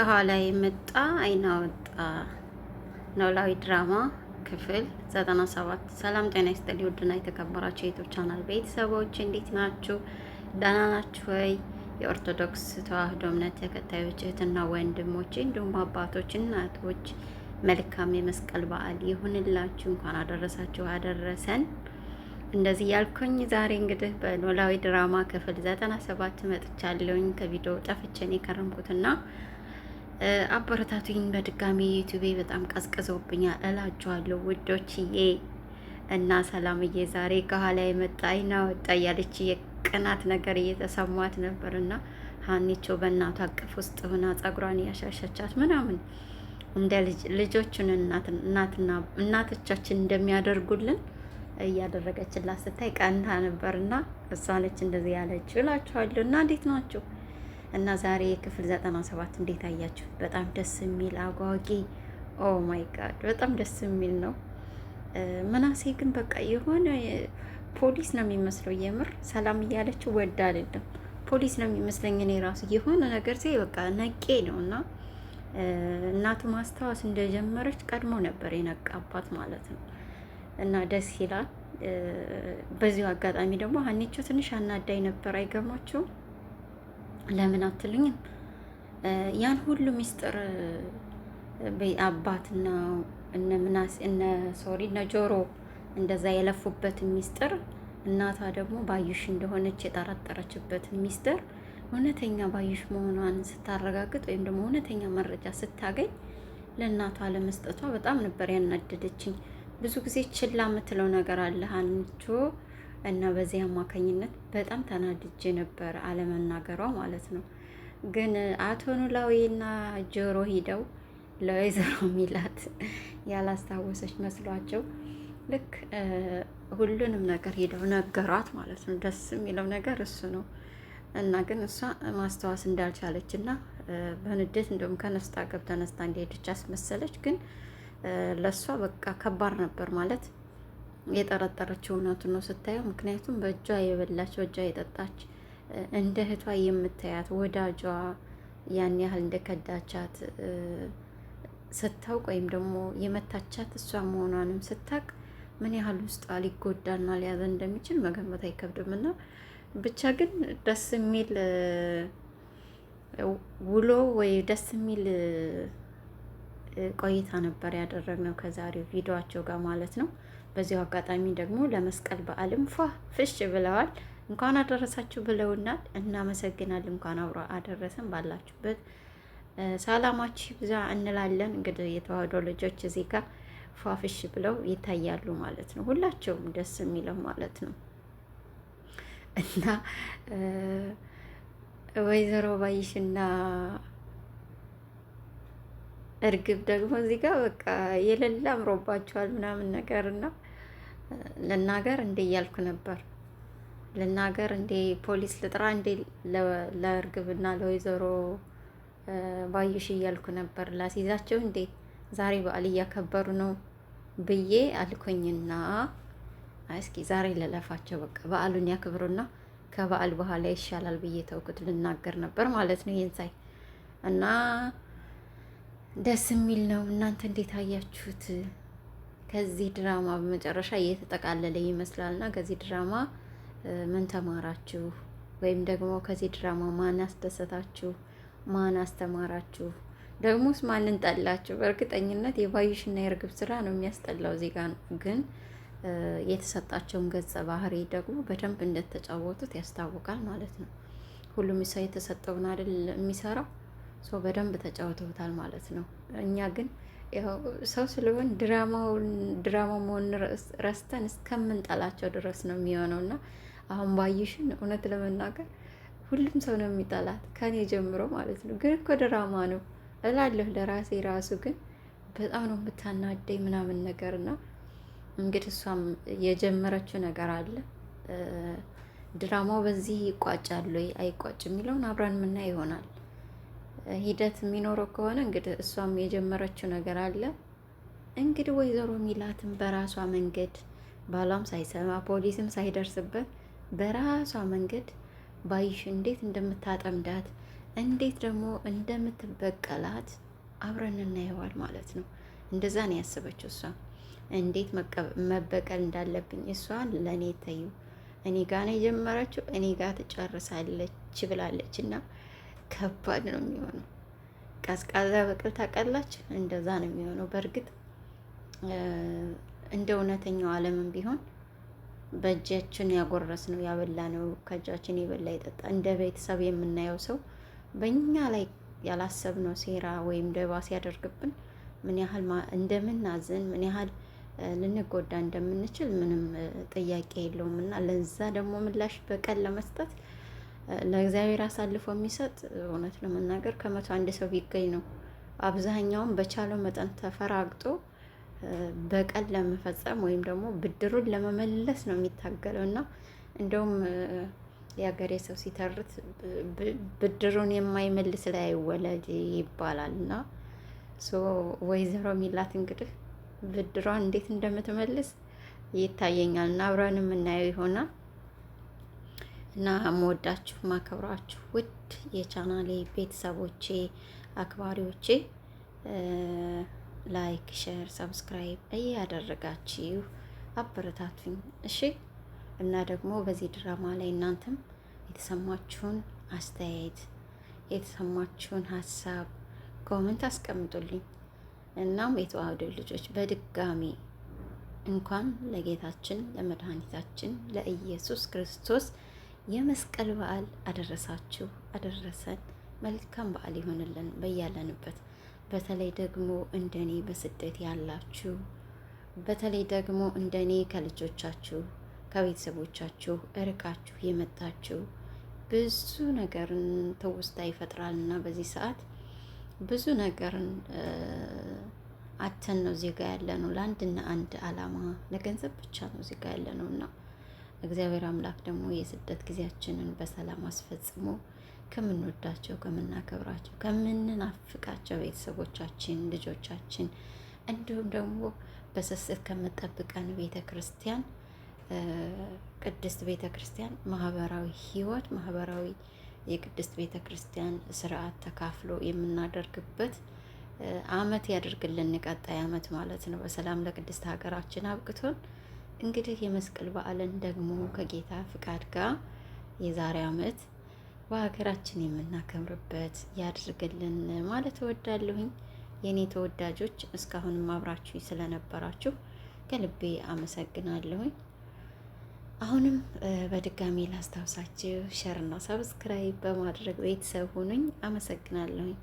ከኋላ የመጣ አይናወጣ አወጣ ኖላዊ ድራማ ክፍል 97። ሰላም ጤና ይስጥልኝ ውድና የተከበራችሁ የዩቲዩብ ቻናል ቤተሰቦች እንዴት ናችሁ? ደህና ናችሁ ወይ? የኦርቶዶክስ ተዋህዶ እምነት ተከታዮች እህትና ወንድሞች፣ እንዲሁም አባቶች፣ እናቶች መልካም የመስቀል በዓል ይሁንላችሁ። እንኳን አደረሳችሁ አደረሰን። እንደዚህ ያልኩኝ ዛሬ እንግዲህ በኖላዊ ድራማ ክፍል 97 መጥቻለሁኝ። ከቪዲዮ ጠፍቼ ነው የከረምኩትና አበረታቱኝ በድጋሚ ዩቱቤ በጣም ቀዝቅዞብኛል እላችኋለሁ ውዶችዬ። እና ሰላምዬ ዛሬ ከኋላ የመጣይ አይና ወጣ እያለች የቅናት ነገር እየተሰማት ነበር እና ሀኒቾ በእናቷ አቅፍ ውስጥ ሆና ጸጉሯን እያሻሻቻት ምናምን እንደ ልጆቹን እናትና እናቶቻችን እንደሚያደርጉልን እያደረገችላት ስታይ ቀንታ ነበር እና እሷ ነች እንደዚህ ያለችው እላችኋለሁ። እና እንዴት ናችሁ? እና ዛሬ ክፍል ዘጠና ሰባት እንዴት አያችሁ? በጣም ደስ የሚል አጓጊ፣ ኦ ማይ ጋድ በጣም ደስ የሚል ነው። ምናሴ ግን በቃ የሆነ ፖሊስ ነው የሚመስለው። የምር ሰላም እያለችው ወድ አይደለም ፖሊስ ነው የሚመስለኝ። እኔ ራሱ የሆነ ነገር ሲ በቃ ነቄ ነው እና እናቱ ማስታወስ እንደጀመረች ቀድሞ ነበር የነቃባት ማለት ነው። እና ደስ ይላል። በዚሁ አጋጣሚ ደግሞ ሀኒቾ ትንሽ አናዳኝ ነበር፣ አይገርማችሁም? ለምን አትልኝም? ያን ሁሉ ሚስጥር አባትና እነ ምናሴ እነ ሶሪ እነ ጆሮ እንደዛ የለፉበትን ሚስጥር እናቷ ደግሞ ባዩሽ እንደሆነች የጠረጠረችበትን ሚስጥር እውነተኛ ባዩሽ መሆኗን ስታረጋግጥ ወይም ደግሞ እውነተኛ መረጃ ስታገኝ ለእናቷ ለመስጠቷ በጣም ነበር ያናደደችኝ። ብዙ ጊዜ ችላ የምትለው ነገር አለ አንቺ እና በዚህ አማካኝነት በጣም ተናድጄ ነበር አለመናገሯ ማለት ነው። ግን አቶ ኖላዊና ጆሮ ሂደው ለወይዘሮ ሚላት ያላስታወሰች መስሏቸው ልክ ሁሉንም ነገር ሄደው ነገሯት ማለት ነው። ደስ የሚለው ነገር እሱ ነው እና ግን እሷ ማስታወስ እንዳልቻለች እና በንዴት እንደውም ከነስታ ገብ ተነስታ እንደሄደች አስመሰለች። ግን ለእሷ በቃ ከባድ ነበር ማለት የጠረጠረችው እውነቱ ነው ስታየው። ምክንያቱም በእጇ የበላች በእጇ የጠጣች እንደ እህቷ የምታያት ወዳጇ ያን ያህል እንደከዳቻት ስታውቅ ወይም ደግሞ የመታቻት እሷ መሆኗንም ስታቅ ምን ያህል ውስጧ ሊጎዳና ሊያዘን እንደሚችል መገመት አይከብድም። እና ብቻ ግን ደስ የሚል ውሎ ወይ ደስ የሚል ቆይታ ነበር ያደረግነው ከዛሬው ቪዲዮቸው ጋር ማለት ነው። በዚሁ አጋጣሚ ደግሞ ለመስቀል በዓልም ፏ ፍሽ ብለዋል። እንኳን አደረሳችሁ ብለውናል። እናመሰግናል። እንኳን አብሮ አደረሰን። ባላችሁበት ሰላማችሁ ይብዛ እንላለን። እንግዲህ የተዋህዶ ልጆች እዚህ ጋር ፏፍሽ ብለው ይታያሉ ማለት ነው። ሁላቸውም ደስ የሚለው ማለት ነው እና ወይዘሮ ባይሽና እርግብ ደግሞ እዚህ ጋር በቃ የሌለ አምሮባቸዋል ምናምን ነገር እና ልናገር እንዴ እያልኩ ነበር። ልናገር እንዴ ፖሊስ ልጥራ እንዴ ለእርግብና ለወይዘሮ ባዩሽ እያልኩ ነበር። ላስይዛቸው እንዴ ዛሬ በዓል እያከበሩ ነው ብዬ አልኩኝና እስኪ ዛሬ ለለፋቸው በቃ በዓሉን ያክብሩና ከበዓል በኋላ ይሻላል ብዬ ተውኩት። ልናገር ነበር ማለት ነው ይህን ሳይ እና ደስ የሚል ነው። እናንተ እንዴት አያችሁት? ከዚህ ድራማ በመጨረሻ እየተጠቃለለ ይመስላል እና ከዚህ ድራማ ምን ተማራችሁ? ወይም ደግሞ ከዚህ ድራማ ማን አስደሰታችሁ? ማን አስተማራችሁ? ደግሞስ ማንን ጠላችሁ? በእርግጠኝነት የባዩሽና የእርግብ ስራ ነው የሚያስጠላው። እዚህ ጋር ግን የተሰጣቸውን ገጸ ባህሪ ደግሞ በደንብ እንደተጫወቱት ያስታውቃል ማለት ነው። ሁሉም ሰው የተሰጠውን አይደል የሚሰራው። ሰው በደንብ ተጫውተውታል ማለት ነው። እኛ ግን ያው ሰው ስለሆን ድራማ መሆን ረስተን እስከምንጠላቸው ድረስ ነው የሚሆነው እና አሁን ባይሽን እውነት ለመናገር ሁሉም ሰው ነው የሚጠላት ከኔ ጀምሮ ማለት ነው። ግን እኮ ድራማ ነው እላለሁ ለራሴ ራሱ ግን በጣም ነው የምታናደኝ ምናምን ነገር እና እንግዲህ እሷም የጀመረችው ነገር አለ። ድራማው በዚህ ይቋጫል ወይ አይቋጭ የሚለውን አብረን ምናይ ይሆናል። ሂደት የሚኖረው ከሆነ እንግዲህ እሷም የጀመረችው ነገር አለ። እንግዲህ ወይዘሮ ሚላትም በራሷ መንገድ ባሏም ሳይሰማ ፖሊስም ሳይደርስበት በራሷ መንገድ ባይሽ እንዴት እንደምታጠምዳት እንዴት ደግሞ እንደምትበቀላት አብረን እናየዋል ማለት ነው። እንደዛ ነው ያሰበችው። እሷ እንዴት መበቀል እንዳለብኝ እሷን ለእኔ ተዩ፣ እኔ ጋ ነው የጀመረችው፣ እኔ ጋ ትጨርሳለች ብላለች እና ከባድ ነው የሚሆነው። ቀዝቃዛ በቅል ታውቃላች፣ እንደዛ ነው የሚሆነው። በእርግጥ እንደ እውነተኛው ዓለምም ቢሆን በእጃችን ያጎረስ ነው ያበላ ነው ከእጃችን የበላ የጠጣ እንደ ቤተሰብ የምናየው ሰው በእኛ ላይ ያላሰብነው ሴራ ወይም ደባ ሲያደርግብን ምን ያህል እንደምናዝን ምን ያህል ልንጎዳ እንደምንችል ምንም ጥያቄ የለውም እና ለዛ ደግሞ ምላሽ በቀል ለመስጠት ለእግዚአብሔር አሳልፎ የሚሰጥ እውነት ለመናገር ከመቶ አንድ ሰው ቢገኝ ነው። አብዛኛውም በቻለው መጠን ተፈራግጦ በቀል ለመፈጸም ወይም ደግሞ ብድሩን ለመመለስ ነው የሚታገለው እና እንደውም የሀገሬ ሰው ሲተርት ብድሩን የማይመልስ ላይ አይወለድ ይባላል እና ወይዘሮ ሚላት እንግዲህ ብድሯን እንዴት እንደምትመልስ ይታየኛል እና አብረን የምናየው ይሆናል። እና መወዳችሁ ማከብራችሁ ውድ የቻናሌ ቤተሰቦቼ አክባሪዎቼ ላይክ፣ ሼር፣ ሰብስክራይብ እያደረጋችሁ አበረታቱኝ። እሺ። እና ደግሞ በዚህ ድራማ ላይ እናንተም የተሰማችሁን አስተያየት የተሰማችሁን ሀሳብ ኮመንት አስቀምጡልኝ። እናም የተዋህዶ ልጆች በድጋሚ እንኳን ለጌታችን ለመድኃኒታችን ለኢየሱስ ክርስቶስ የመስቀል በዓል አደረሳችሁ አደረሰን። መልካም በዓል ይሆንልን በያለንበት። በተለይ ደግሞ እንደኔ በስደት ያላችሁ፣ በተለይ ደግሞ እንደኔ ከልጆቻችሁ ከቤተሰቦቻችሁ እርቃችሁ የመጣችሁ ብዙ ነገርን ትውስታ ይፈጥራል እና በዚህ ሰዓት ብዙ ነገርን አተን ነው ዜጋ ያለ ነው። ለአንድና አንድ አላማ ለገንዘብ ብቻ ነው ዜጋ ያለ ነው እና እግዚአብሔር አምላክ ደግሞ የስደት ጊዜያችንን በሰላም አስፈጽሞ ከምንወዳቸው ከምናከብራቸው ከምንናፍቃቸው ቤተሰቦቻችን፣ ልጆቻችን እንዲሁም ደግሞ በስስት ከምጠብቀን ቤተ ክርስቲያን ቅድስት ቤተ ክርስቲያን ማህበራዊ ህይወት ማህበራዊ የቅድስት ቤተ ክርስቲያን ስርዓት ተካፍሎ የምናደርግበት አመት ያደርግልን ቀጣይ አመት ማለት ነው። በሰላም ለቅድስት ሀገራችን አብቅቶን እንግዲህ የመስቀል በዓልን ደግሞ ከጌታ ፍቃድ ጋር የዛሬ ዓመት በሀገራችን የምናከብርበት ያድርግልን ማለት እወዳለሁኝ። የእኔ ተወዳጆች እስካሁንም አብራችሁ ስለነበራችሁ ከልቤ አመሰግናለሁኝ። አሁንም በድጋሚ ላስታውሳችሁ ሸርና ሰብስክራይብ በማድረግ ቤተሰብ ሁኑኝ። አመሰግናለሁኝ።